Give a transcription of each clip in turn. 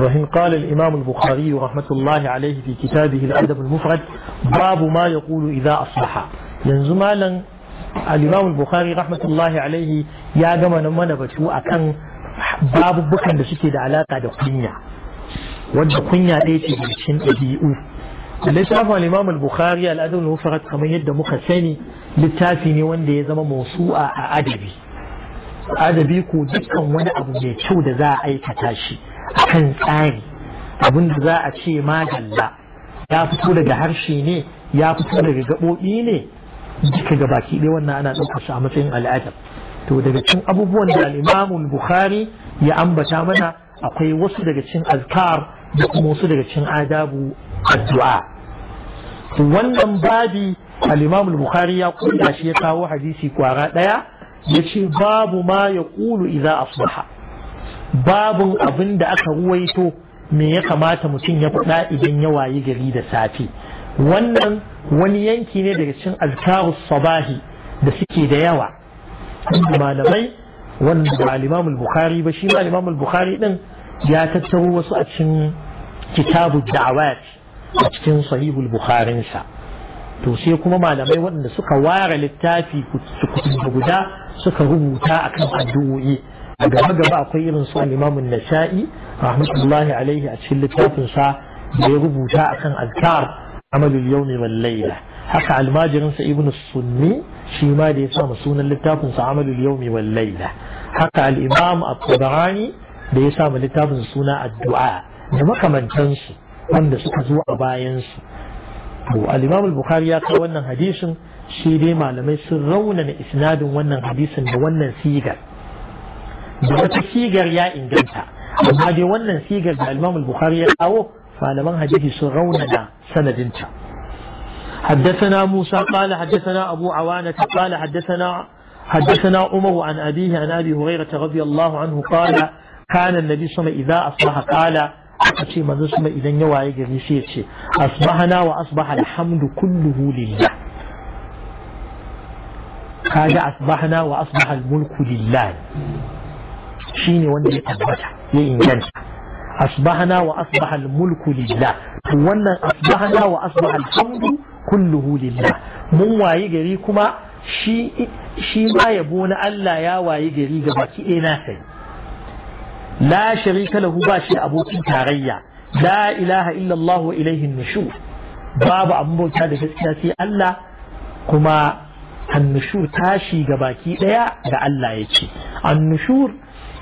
وحين قال الإمام البخاري رحمة الله عليه في كتابه الأدب المفرد باب ما يقول إذا أصبح ينزمالا الإمام البخاري رحمة الله عليه يا جماعة من بتو أكن باب بكن بشكي دعلاقة دقنية والدقنية ليس بشين أبيئو littafin imam al-bukhari al'adun mufrad kamar yadda muka sani littafi ne wanda ya zama أدبي a adabi adabi ko dukkan wani abu mai kyau kan tsari abin da za a ce majalla ya fito daga harshe ne ya fito daga gaɓoɓi ne duka ga baki ɗaya wannan ana ɗaukar shi a matsayin al'adab to daga cin abubuwan da al'imamun bukhari ya ambata mana akwai wasu daga cin azkar da kuma wasu daga cin adabu addu'a wannan babi al'imamun bukhari ya kulla shi ya kawo hadisi kwara ɗaya ya ce babu ma ya ƙulu idan asbaha babun abin da aka ruwaito me ya kamata mutum ya faɗa idan ya wayi gari da safe wannan wani yanki ne daga cikin Alkaru sabahi da suke da yawa malamai wanda ba al bukhari ba shi alimamul bukhari din ya tattaro wasu a cikin kitabu da'awat a cikin sahihul bukharin sa to sai kuma malamai waɗanda suka ware littafi guda suka rubuta akan addu'o'i a gaba gaba akwai irin su al-Imam an-Nasa'i rahmatullahi alaihi a cikin littafin sa da ya rubuta akan azkar amalul yawmi wal layla haka almajirin sa ibnu sunni shi ma da ya sa sunan littafin sa amalul yawmi wal layla haka al-Imam at-Tabarani da ya sa littafin suna addu'a da makamantansu wanda suka zo a bayansu to al-Imam al-Bukhari ya kawo wannan hadisin shi dai malamai sun raunana isnadin wannan hadisin da wannan sigar da wata sigar ya inganta amma dai wannan sigar da Imam al-Bukhari ya kawo malaman hadisi sun raunana sanadinta حدثنا موسى قال حدثنا أبو عوانة قال حدثنا حدثنا عمر عن أبيه عن أبي هريرة رضي الله عنه قال كان النبي صلى الله عليه وسلم إذا أصبح قال أتشي من ذو إذا يوعي قريسيتشي أصبحنا وأصبح الحمد كله لله قال أصبحنا وأصبح الملك لله shine wanda ya tabbata ya inganta asbahana wa asbaha mulku lillah wannan asbahana wa asbaha alhamdu kulluhu lillah mun wayi gari kuma shi shi ma yabo na Allah ya wayi gari ga baki ɗaya na sai la sharika lahu ba shi abokin tarayya la ilaha illallah wa nushur babu abun bauta da gaskiya sai Allah kuma annushur tashi ga baki ɗaya ga Allah yake annushur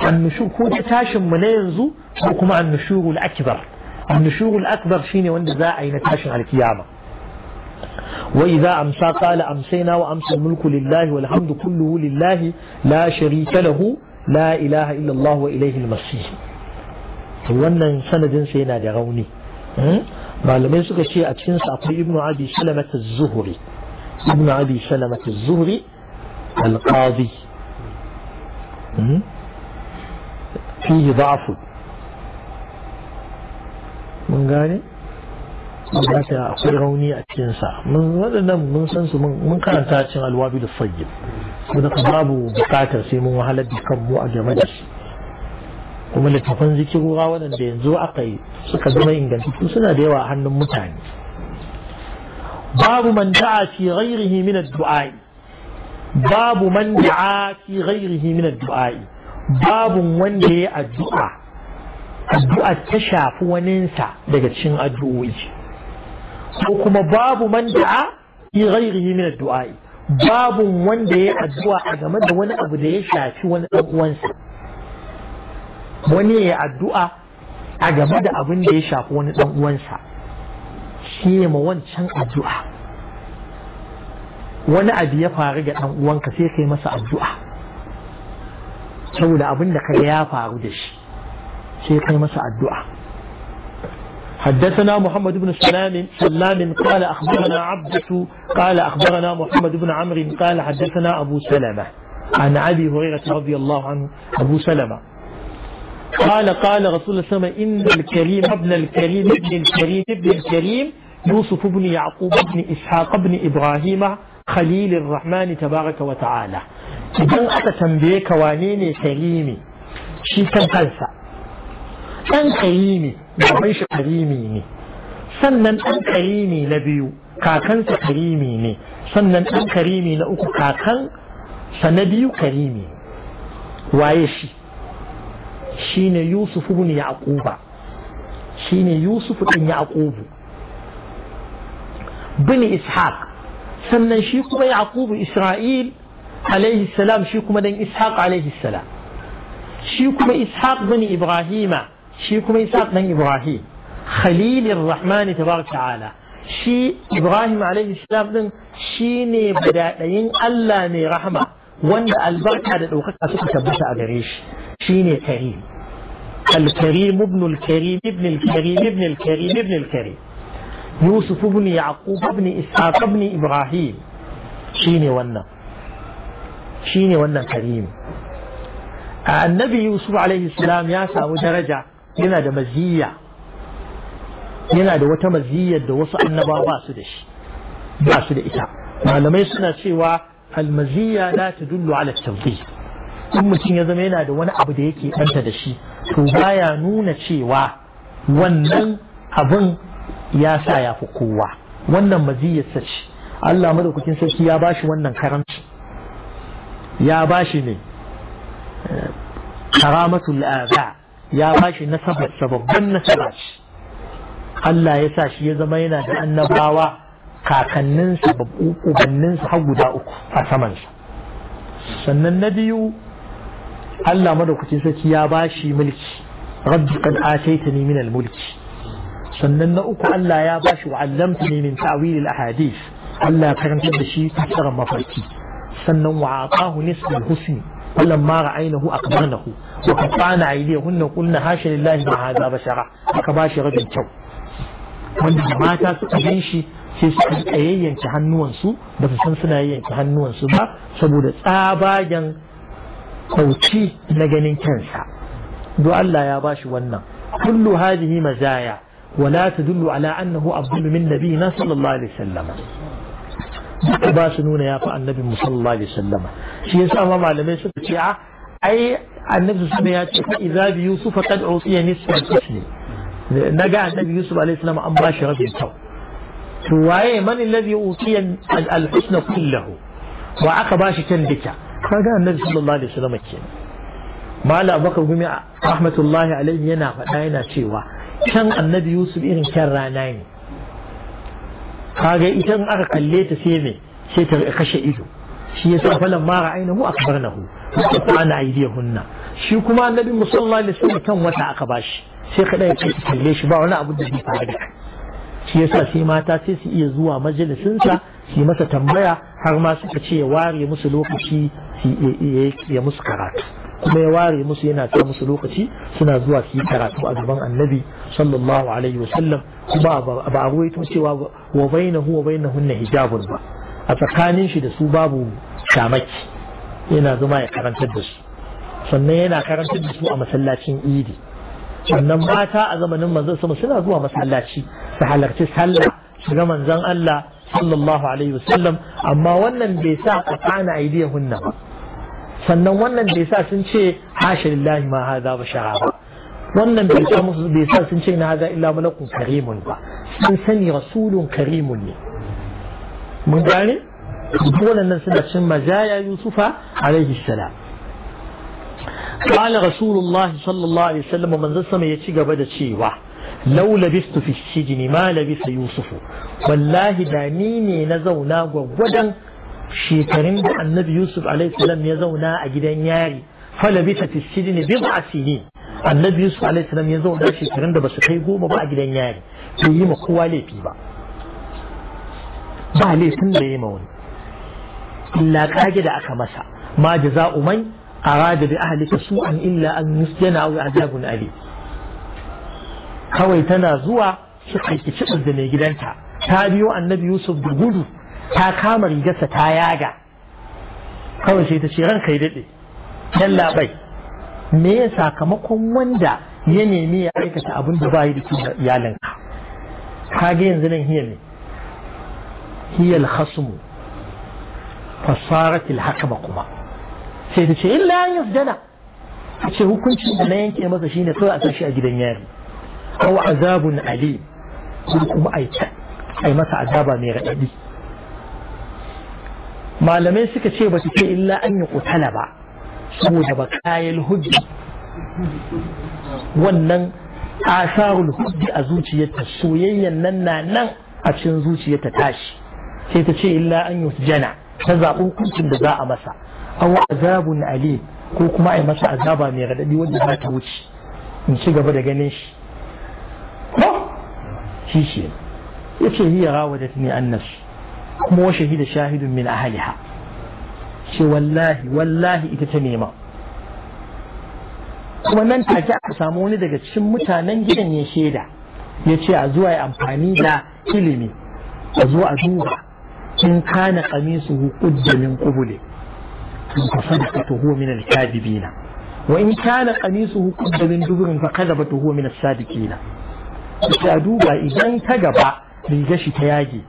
النشو هو ده تاشم من ينزو هو كما النشوء الأكبر النشوء الأكبر شيني وانده ذا عين تاشم على كيامة وإذا أمسى قال أمسينا وأمسى الملك لله والحمد كله لله لا شريك له لا إله إلا الله وإليه المسيح وانا انسان دين سينا لغوني ما لم يزق شيء أتنسى ابن عدي سلمة الزهري ابن عدي سلمة الزهري القاضي fihi da'fu mun gane akwai rauni a cikin sa mun waɗannan mun san su mun karanta cin alwabi da sayyid ko da babu bukatar sai mun wahalar da kanmu a game da shi kuma littafan zikirwa waɗanda yanzu aka yi suka zama ingantattu suna da yawa a hannun mutane babu man da'a fi ghairihi min duai babu man da'a fi ghairihi min duai babun wanda ya addu'a addu'a ta shafi waninsa daga cikin addu'o'i ko kuma babu man da'a fi ghairihi min addu'a'i babun wanda ya addu'a a game da wani abu da ya shafi wani dan uwansa wani ya addu'a a game da abin da ya shafi wani dan uwansa shi ne ma wancan addu'a wani abu ya faru ga dan uwanka sai kai masa addu'a saboda abin da kaga ya faru da shi sai kai masa addu'a حدثنا محمد بن سلام سلام قال أخبرنا عبدة قال أخبرنا محمد بن عمرو قال حدثنا أبو سلمة عن أبي هريرة رضي الله عنه أبو سلمة قال قال رسول الله صلى الله عليه وسلم إن الكريم ابن الكريم ابن الكريم ابن الكريم يوسف بن يعقوب بن إسحاق بن إبراهيم خليل الرحمن تبارك وتعالى idan aka tambaye ka wane ne karimi shi kan kansa ɗan karimi baban shi karimi ne sannan ɗan karimi na biyu kakansa karimi ne sannan ɗan karimi na uku kakan sa na biyu karimi waye shi shi ne yusuf ibn yaquba shi ne yusuf ibn yaqubu bin ishaq sannan shi kuma yaqubu isra'il alaihi salam shi kuma dan ishaq alaihi salam shi kuma ishaq bin ibrahima shi kuma ishaq dan ibrahim khalilur rahmani tabaraka ta'ala shi ibrahim alaihi salam din shine badadayin Allah mai rahama wanda albarka da ɗaukaka suka tabbata a gare shi shine karim الكريم ابن الكريم ابن الكريم ابن الكريم ابن الكريم يوسف بن يعقوب بن إسحاق بن إبراهيم شيني wannan shine wannan karim a annabi yusuf alaihi salam ya samu daraja yana da maziyya yana da wata maziyya da wasu annaba ba su da shi ba su da ita malamai suna cewa almaziyya la tadullu ala at-tawfiq in mutum ya zama yana da wani abu da yake danta da shi to baya nuna cewa wannan abun ya sa ya fi kowa wannan maziyyarsa ce Allah madaukakin sarki ya bashi wannan karanci يا باشني كرامة الآباء يا باشي نسب السبب بن نسباش قال لا يساش يزمينا لأن باوا كاكن ننسب أوكو بن ننسب حقو دا أوكو أسمنش سنن نبيو قال لا ملوك تنسك يا باشي ملك رب قد آتيتني من الملك سنن نأوكو قال يا باشي وعلمتني من تأويل الأحاديث قال لا كرمت بشي تحترم مفاتيح sannan wa aqahu nisb al husn wallan ma ra'aynahu akbarnahu wa qatana aydihunna qulna hasha lillahi ma hadha bashara aka bashi rabin kyau wanda mata su ganin shi sai su tsayayyanci hannuwansu ba su san suna yayyanci hannuwansu ba saboda tsabagen sauci na ganin kansa do Allah ya bashi wannan kullu hadhihi mazaya ولا تدل على أنه أفضل من نبينا صلى الله عليه وسلم duka ba su nuna ya fi annabi musallallahu alaihi wasallam shi yasa ma malamai suka ce a ah, ai annabi sallallahu ya ce idza bi yusuf qad usiya nisfa tisni naga annabi yusuf alaihi salam an ba shi rabin tau to waye man alladhi usiya al-husna kullahu wa aka ba shi kan duka kaga annabi sallallahu alaihi wasallam kenan mala abubakar gumi rahmatullahi alaihi yana faɗa yana cewa kan annabi yusuf irin kan rana ne kaga ita in aka kalle ta sai me sai ta kashe ido shi ya yasa falan ma ra'aynahu akbarnahu wa ana hunna, shi kuma annabi musallallahu alaihi wasallam kan wata aka bashi sai ka dai ka kalle shi ba wani abu da zai faru shi shi yasa sai mata sai su iya zuwa majalisinsa sa su masa tambaya har ma suka ce ya ware musu lokaci ya musu karatu kuma ya ware musu yana ta musu lokaci suna zuwa su yi karatu a gaban annabi sallallahu alaihi wasallam kuma ba a ruwaito cewa wa bainahu wa bainahunna hijabun ba a tsakanin shi da su babu shamaki yana zama ya karantar da su sannan yana karantar da su a masallacin idi sannan mata a zamanin manzon sama suna zuwa masallaci su halarci sallah su ga manzon Allah sallallahu alaihi wasallam amma wannan bai sa a kana aidiyahunna ba sannan wannan bai sa sun ce hasha lillahi ma hadha ba shara ba wannan bai sa musu bai sa sun ce na haza illa malakun karimun ba sun sani rasulun karimun ne mun gane wannan suna cin mazaya yusufa alaihi salam قال رسول الله صلى الله عليه وسلم ومن زسم يتشي قبل تشيوه لو لبست في السجن ما لبس يوسف والله دانيني نزونا وغدا shekarun da annabi yusuf alaihissalam ya zauna a gidan yari falabita fi biyu a sinin annabi yusuf alaihissalam ya zauna shekarun da ba su kai goma ba a gidan yari bai yi ma kowa laifi ba ba laifin da ya yi ma wani illa kage da aka masa ma u'mai? a da bi su an illa an yana a azabun Ali. kawai tana zuwa shi kai da mai gidanta ta biyo annabi yusuf da gudu ta kama rigarsa ta yaga kawai sai ta ce ranka yi daɗe yalla bai me ya sakamakon wanda ya nemi ya aikata abin da ba yi da da iyalinka kage yanzu nan hiya ne hiya al-khasmu fasarat kuma sai ta ce illa an yafdana ta ce hukuncin da na yanke masa shine kawai a sashi a gidan yari aw azabun ali kuma ai masa azaba mai raɗaɗi malamai suka ce ba su ce illa an yi kutala ba saboda ba kayan hujji wannan asarul hujji a zuciyarta soyayyan nan na nan a cikin zuciyarta tashi sai ta ce illa an yi jana ta zaɓi hukuncin da za a masa an azabun ali ko kuma a yi masa azaba mai raɗaɗi wanda za ta wuce in ci gaba da ganin shi shi shi ya ce hiya rawa da ne annashi kuma wa shahida shahidun min ahliha ce wallahi wallahi ita ta nema kuma nan take aka samu wani daga cikin mutanen gidan ya shaida ya ce a zuwa ya amfani da ilimi a zo a duba in kana qamisuhu qudda min qubuli fa sadaqatuhu min al wa in kana qamisuhu qudda min dubrin fa kadabatuhu min as-sadiqina duba idan ta gaba riga shi ta yage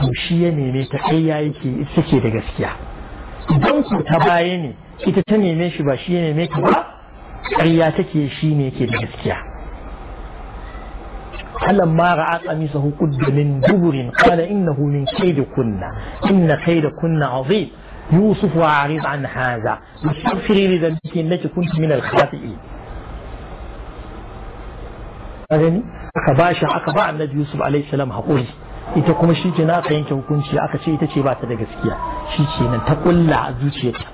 to shi ya neme ta ƙarya yake ita ce da gaskiya idan ku ta baya ne ita ta neme shi ba shi ya neme ta ba ƙarya take shi ne yake da gaskiya falan ma ra'a qamisa hu qudda min duburin qala innahu min kaidi kunna inna kaida kunna azim يوسف أعرض عن هذا واستغفري لذنبك إنك كنت من الخاطئين أغني أكباشا أكبا النبي يوسف عليه السلام هقولي ita kuma shi ke aka yanke hukunci aka ce ita ce ba ta da gaskiya shi ke nan ta kulla a zuciyarta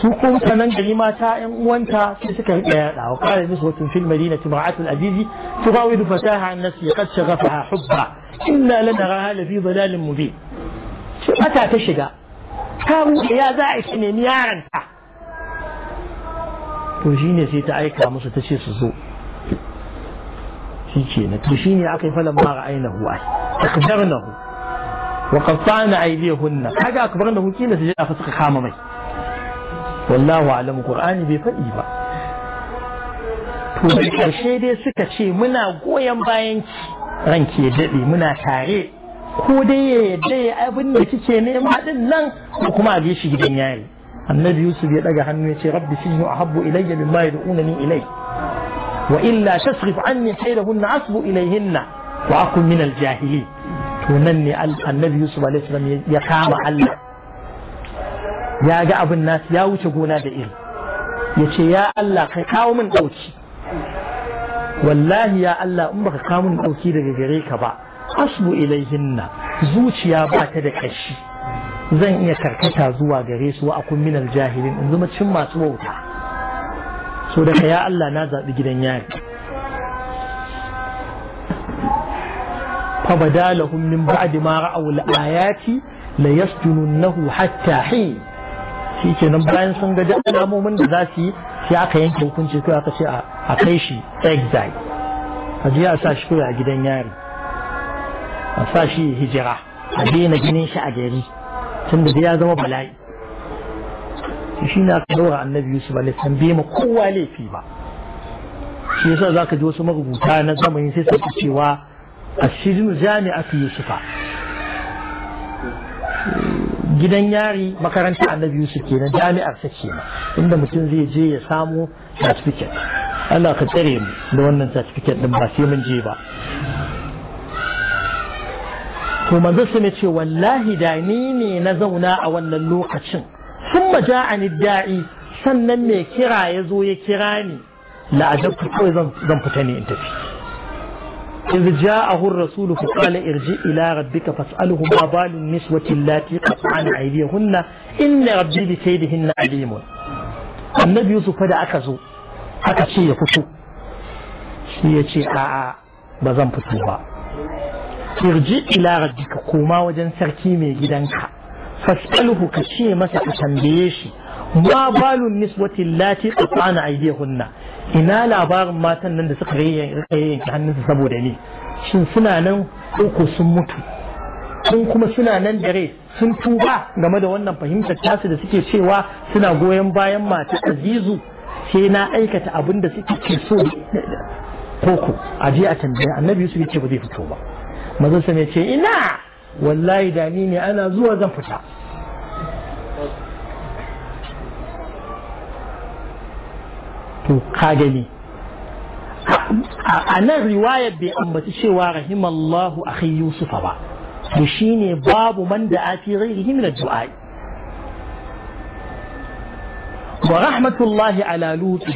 su ko mutanen gari mata yan uwanta sai suka riƙe yaɗa wa ƙara nisbatun fil madinati ma'atul azizi tubawidu fasaha an nafsi qad shaghafaha hubba inna lanaraha lafi dalalin mu ce mata ta shiga ta wuce ya za a nemi yaranta to shine sai ta aika musu ta ce su zo shi ke na to shi ne aka yi falon mara aina huwa takdar na hu wa kafa na hunna kaga aka bar da hu kila su je aka suka kama mai wallahu alam qur'ani bai faɗi ba to karshe dai suka ce muna goyon bayan ki ranki ya daɗe muna tare ko dai ya yadda ya abin da kike nema din nan ko kuma a shi gidan yayi annabi yusuf ya daga hannu ya ce rabbi sijnu ahabbu ilayya mimma yad'unani ilayhi وإلا شسغف عني حيلهن أصب إليهن وأكن من الجاهلين tunanni annabi yusuf alaihissalam ya kama Allah ya ga abin nas ya wuce gona da iri ya ce ya Allah kai kawo min dauki wallahi ya Allah in baka kawo min dauki daga gare ka ba asbu ilayhinna zuciya ba ta da ƙashi. zan iya karkata zuwa gare su wa akun min aljahilin in zuma cin masu wauta so daga ya Allah na zaɓi gidan yari fa bada lahum min ba'di ma ra'aw al-ayati la yasjununnahu hatta hin nan bayan sun ga alamomin da za su yi sai aka yanke hukunci to aka ce a kai shi exile a ji a sa shi a gidan yari a sa shi hijira a daina ginin shi a gari tunda da ya zama bala'i Shina shi na annabi yusuf lissan bai ma kowa laifi ba shi yasa za ka ji wasu marubuta na zamani sai su cewa a shirin jami'atu yusufa gidan yari makaranta annabi yusuf ke na jami'ar sa ma inda mutum zai je ya samu certificate Allah ka tsare mu da wannan certificate din ba sai mun je ba to manzo sai ne ce wallahi da ni ne na zauna a wannan lokacin ثم جاءني الداعي sannan mai kira ya zo ya kira ni la'ajabtu kawai zan fita ne in tafi إذ جاءه الرسول فقال ارجع إلى ربك فاسأله ما بال النسوة اللاتي قطعن أيديهن إن ربي بكيدهن عليم النبي يوسف فدا أكزو أكشي يفتو شي يشي آآ بزن ارجع إلى ربك قوما وجن سركي مي جدنك fasaluhu ka ce masa ka tambaye shi ma balun niswati lati qatana aidehunna ina labarin matan nan da suka yayyanke hannunsu saboda ni shin suna nan uku sun mutu sun kuma suna nan da rai sun tuba game da wannan fahimtar tasu da suke cewa suna goyon bayan mata azizu sai na aikata abin da suke ke so koko a je a tambaya annabi yusuf ya ce ba zai fito ba mazan sa ce ina wallahi da ni ne ana zuwa zan fita to ka a nan riwayar bai ambaci cewa rahimallahu akai yusufa ba to ne babu man da a fi ghairihi wa rahmatullahi ala lutu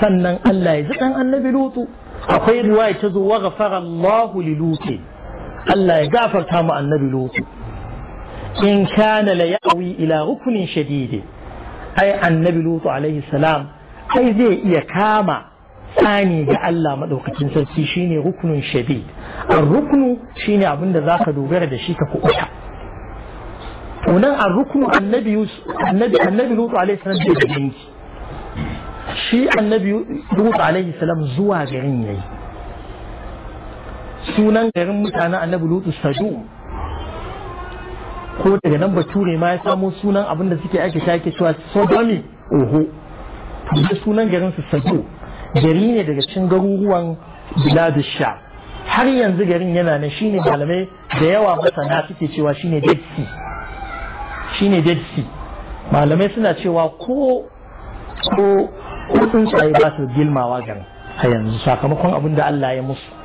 sannan Allah ya ji dan annabi lutu akwai riwaya ta zo wa ghafara Allahu li lutu Allah ya gafarta mu annabi lutu in kana la yawi ila rukunin shadidi ai annabi lutu alaihi salam ai zai iya kama tsani ga Allah madaukakin sarki shine rukunin shadid ar-ruknu shine abin da zaka dogara da shi ka kuɓuta to nan ar-ruknu annabi annabi annabi lutu alaihi salam zai da shi annabi lutu alaihi salam zuwa garin yayi sunan garin mutanen annabi lutu sadu ko daga nan bature ma ya samo sunan abin da suke ake take cewa sodomi oho da sunan garin su sadu gari ne daga cikin garuruwan biladusha har yanzu garin yana nan shine malamai da yawa masana suke cewa shine dead sea shine dead sea malamai suna cewa ko ko ko tsuntsaye ba su gilmawa garin a yanzu sakamakon abin da Allah ya musu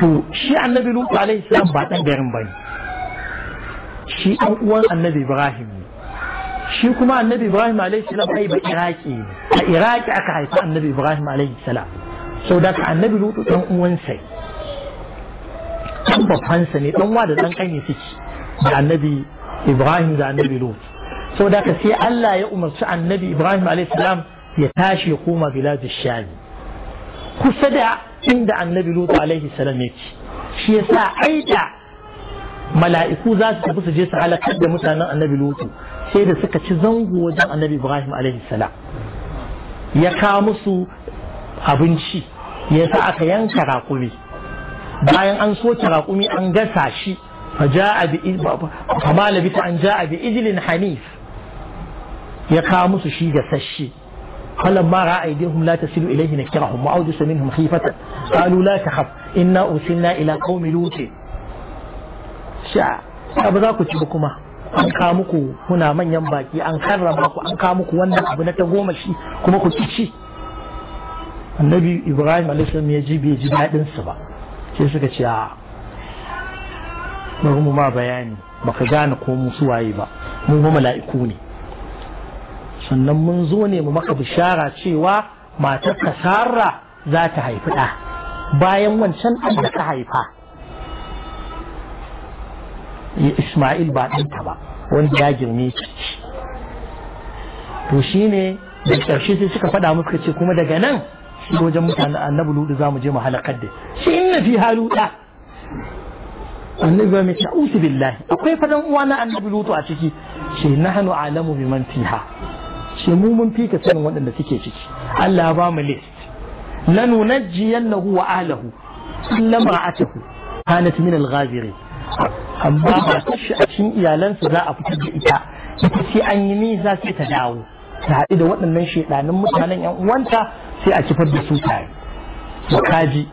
to shi annabi lutu alaihi salam ba dan garin bane shi dan uwan annabi ibrahim ne shi kuma annabi ibrahim alaihi salam ai ba iraki ne a iraki aka haifa annabi ibrahim alaihi salam sau da annabi lutu dan uwan sai dan babban sa ne dan wa da dan kanye suke da annabi ibrahim da annabi lutu sau da sai Allah ya umarci annabi ibrahim alaihi salam ya tashi ya koma biladu shami kusa da inda annabi lutu alaihi salam yake shi yasa aida mala'iku za su tafi su je su halakar da mutanen annabi lutu sai da suka ci zango wajen annabi ibrahim alaihi salam ya kawo musu abinci ya sa aka yanka raƙumi bayan an soke raƙumi an gasa shi fama labita an ja'a bi ijlin hanif ya kawo musu shi gasasshe falamma ra'a aydihum la tasilu ilayhi nakirahum wa awjasa minhum khifatan قالوا لا تخف إنا أرسلنا إلى قوم لوط شاء ci تبكما an ka muku kuna manyan baki an karrama ku an ka muku wannan abu na ta goma shi kuma ku ci annabi ibrahim alaihissalam ya ji bai ji daɗin su ba sai suka ce a bari mu ma bayani baka gane ko mu waye ba mu ba mala'iku ne sannan mun zo ne mu maka bishara cewa matar kasara za ta haifi ɗa bayan wancan an da ka haifa Ismail ba ɗanta ba wanda ya girme shi to shi ne da ƙarshe sai suka faɗa musu ce kuma daga nan shi wajen mutane annabi ludu za mu je mu halakar da shi na fi haluda annabi mai ta'usu billahi akwai fadan uwa na annabi lutu a ciki na hannu alamu bi biman fiha shi mu mun fika sanin waɗanda suke ciki Allah ya ba mu list lanunajjiyannahu wa ahlahu illa ma'atahu kanat min al-ghabirin amma ba ta shi a cikin iyalansa za a fitar da ita ita sai an yi nisa sai ta dawo Da haɗu da waɗannan shaidanin mutanen yan uwanta sai a kifar da su tare da kaji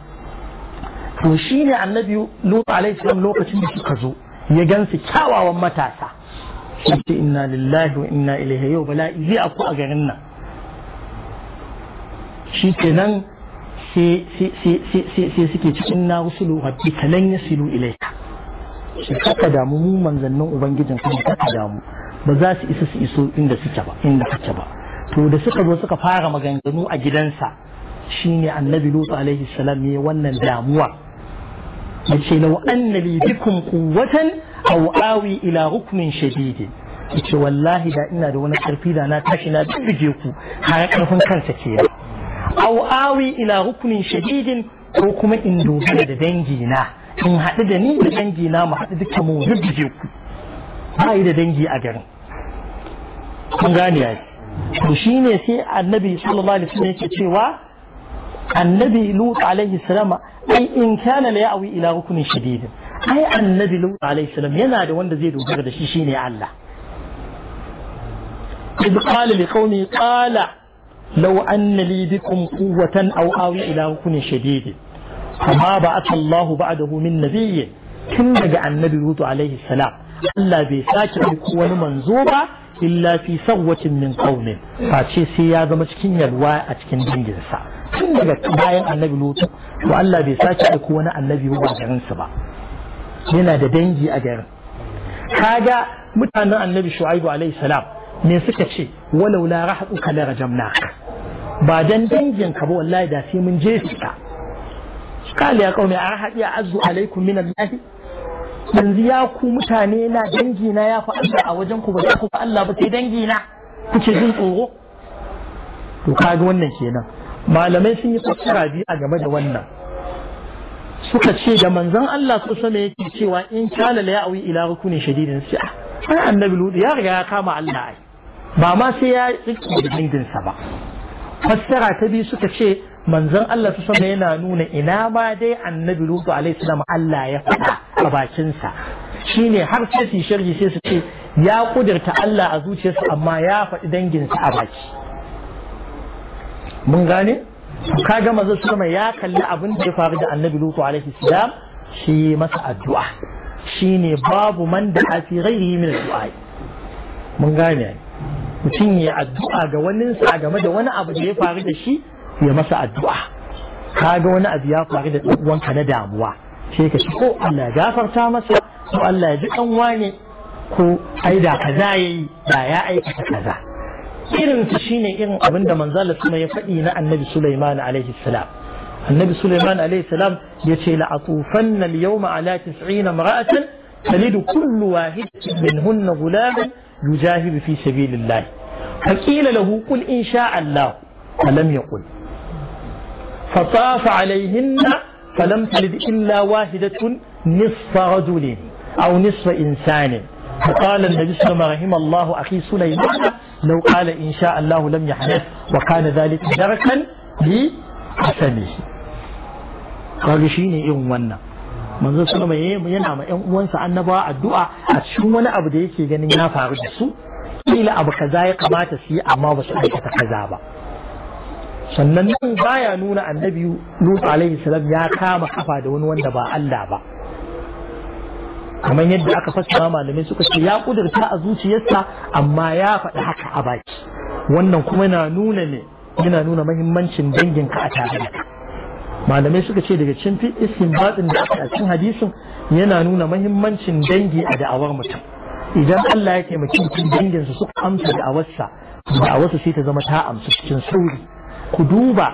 shi ne annabi lutu alaihi lokacin da suka zo ya gansu kyawawan matasa shi ce inna lillahi wa inna ilaihi yau bala'i zai a garin nan shi sai suke cikin na rusulu rabbi talan silu ilaika shi kaka damu mu manzannin ubangijin kuma kaka damu ba za su isa su iso inda suke ba inda kake ba to da suka zo suka fara maganganu a gidansa shine annabi lutu alaihi salam ne wannan damuwa yace ce anna li bikum quwwatan aw awi ila hukmin shadid yace wallahi da ina da wani karfi da na tashi na bige ku har karfin kansa ke kenan au awi ila rukunin shadidin ko kuma in dogara da dangi na in haɗu da ni da dangi na mu haɗu duka mu rubuje ku ba yi da dangi a garin kun gane ya to ne sai annabi sallallahu alaihi wasallam yake cewa annabi lut alaihi salam ai in kana la ya'wi ila rukunin shadidin ai annabi lut alaihi salam yana da wanda zai dogara da shi shine Allah إذ قال لقومه قال لو أن لي بكم قوة أو آوي إلى ركن شديد فما بعث الله بعده من نبي tun daga annabi Lutu alaihi salam Allah bai sake aiko wani manzo ba illa fi sawwatin min qaumin face sai ya zama cikin yalwa a cikin danginsa tun daga bayan annabi Lutu to Allah bai sake aiko wani annabi ba garin sa ba yana da dangi a garin kaga mutanen annabi Shu'aibu alaihi salam me suka ce walaula rahatuka la rajamnaka ba dan dangin ka ba wallahi da sai mun je su ta ya kaumi a haɗi a azu alaikum min Allah yanzu ya ku mutane na dangi na ya fa Allah a wajen ku ba za ku fa Allah ba sai dangi na kuke jin tsoro to kaga wannan kenan malamai sun yi fassara biyu a game da wannan suka ce da manzon Allah su sama yake cewa in kana la ya'wi ila rukunin shadidin sai annabi ludu ya riga ya kama Allah ai ba ma sai ya tsiki da dangin sa ba fassara ta biyu suka ce manzon Allah su sama yana nuna ina ma dai annabi Lutu alaihi salam Allah ya faɗa a bakinsa shine har sai su sharhi sai su ce ya kudirta Allah a zuciyarsa amma ya faɗi danginsa a baki mun gane ka ga manzon sama ya kalli abin da ya faru da annabi Lutu alaihi salam shi masa addu'a shine babu man da afi ghairihi min du'a mun gane mutum ya addu'a ga wani sa game da wani abu da ya faru da shi ya masa addu'a kaga wani abu ya faru da uwan ka na damuwa sai ka ci ko Allah gafarta masa ko Allah ya ji ɗan wane ko ai da kaza yayi da ya aikata kaza irin ta shine irin abin da manzala sama ya faɗi na annabi Sulaiman alaihi salam annabi Sulaiman alaihi salam ya ce la atufanna al-yawma ala 90 imra'atan تلد كل واحد منهن غلاما يجاهد في سبيل الله فقيل له قل إن شاء الله فلم يقل فطاف عليهن فلم تلد إلا واحدة نصف رجل أو نصف إنسان فقال النبي صلى الله عليه وسلم رحم الله أخي سليمان لو قال إن شاء الله لم يحدث وكان ذلك دركا لحسنه قالوا شيني إيه manzo sallama yana ma ƴan uwansa annabawa addu'a a cikin wani abu da yake ganin ya faru da su kila abu kaza ya kamata su yi amma ba su aikata kaza ba sannan nan baya nuna annabi Nuhu alaihi salam ya kama kafa da wani wanda ba Allah ba kamar yadda aka fassara malamai suka ce ya kudurta a zuciyarsa amma ya faɗi haka a baki wannan kuma na nuna ne yana nuna mahimmancin danginka a tare da malamai suka ce daga cin batsin da aka cikin hadisin yana nuna mahimmancin dangi a da'awar mutum idan Allah ya taimaki mutum su suka amsa da'awarsa da'awarsa sai ta zama ta amsa cikin sauri ku duba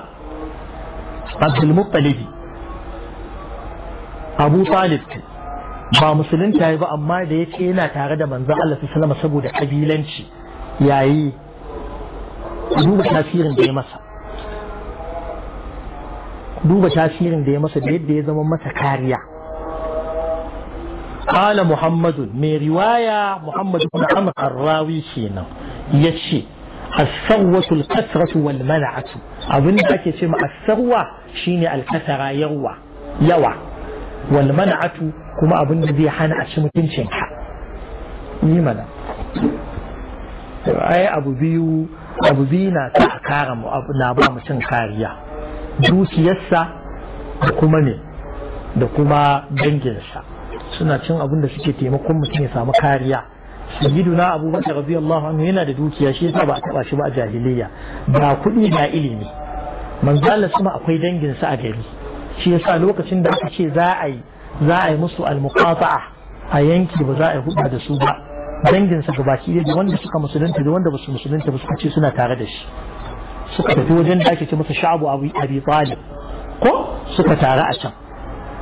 Abdul Muttalibi Abu Talib ba musulun musulunta ba amma da yake yana tare da manzon Allah sallallahu alaihi saboda kabilanci yayi duba tasirin da ya masa duba tasirin da ya masa da yadda ya zama masa kariya قال محمد من رواية محمد بن عمرو الراوي شينا يشي الثروة الكثرة والمنعة أظن ذاك يسمى الثروة شيني الكثرة يروى يوى والمنعة كما أظن ذي حانا أشمتين شنحا يمنع أي أبو بيو أبو بينا تأكارم أبو نابا متن كاريا dukiyarsa da kuma ne da kuma danginsa suna cin abin da suke taimakon mutum ya samu kariya sayyiduna abubakar radiyallahu anhu yana da dukiya shi yasa ba a taba shi ba a jahiliyya ba kuɗi ba ilimi manzo Allah sama akwai danginsa a gari shi yasa lokacin da aka ce za a yi za a yi musu almuqata'a a yanki ba za a yi hudu da su ba danginsa gabaki da wanda suka musulunta da wanda ba su musulunta ba suka ce suna tare da shi suka tafi wajen da ake ce masa sha'abu abi talib ko suka tare a can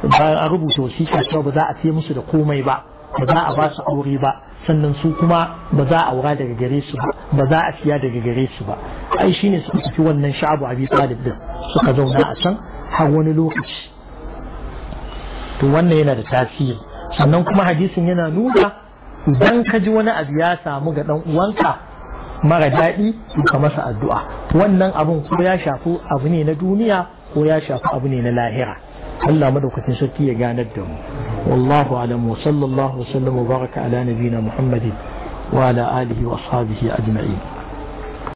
bayan an rubuta wasiƙa cewa ba za a ce musu da komai ba ba za a ba su aure ba sannan su kuma ba za a aura daga gare su ba ba za a siya daga gare su ba ai shine suka tafi wannan sha'abu abi talib din suka zauna a can har wani lokaci to wannan yana da tasiri sannan kuma hadisin yana nuna idan ka ji wani abu ya samu ga dan uwanka mara daɗi ka masa addu'a wannan abun ko ya shafi abu ne na duniya ko ya shafi abu ne na lahira Allah madaukakin sarki ya ganar da mu wallahu alam wa sallallahu wa sallam wa baraka ala nabiyina muhammadin wa ala alihi wa ashabihi ajma'in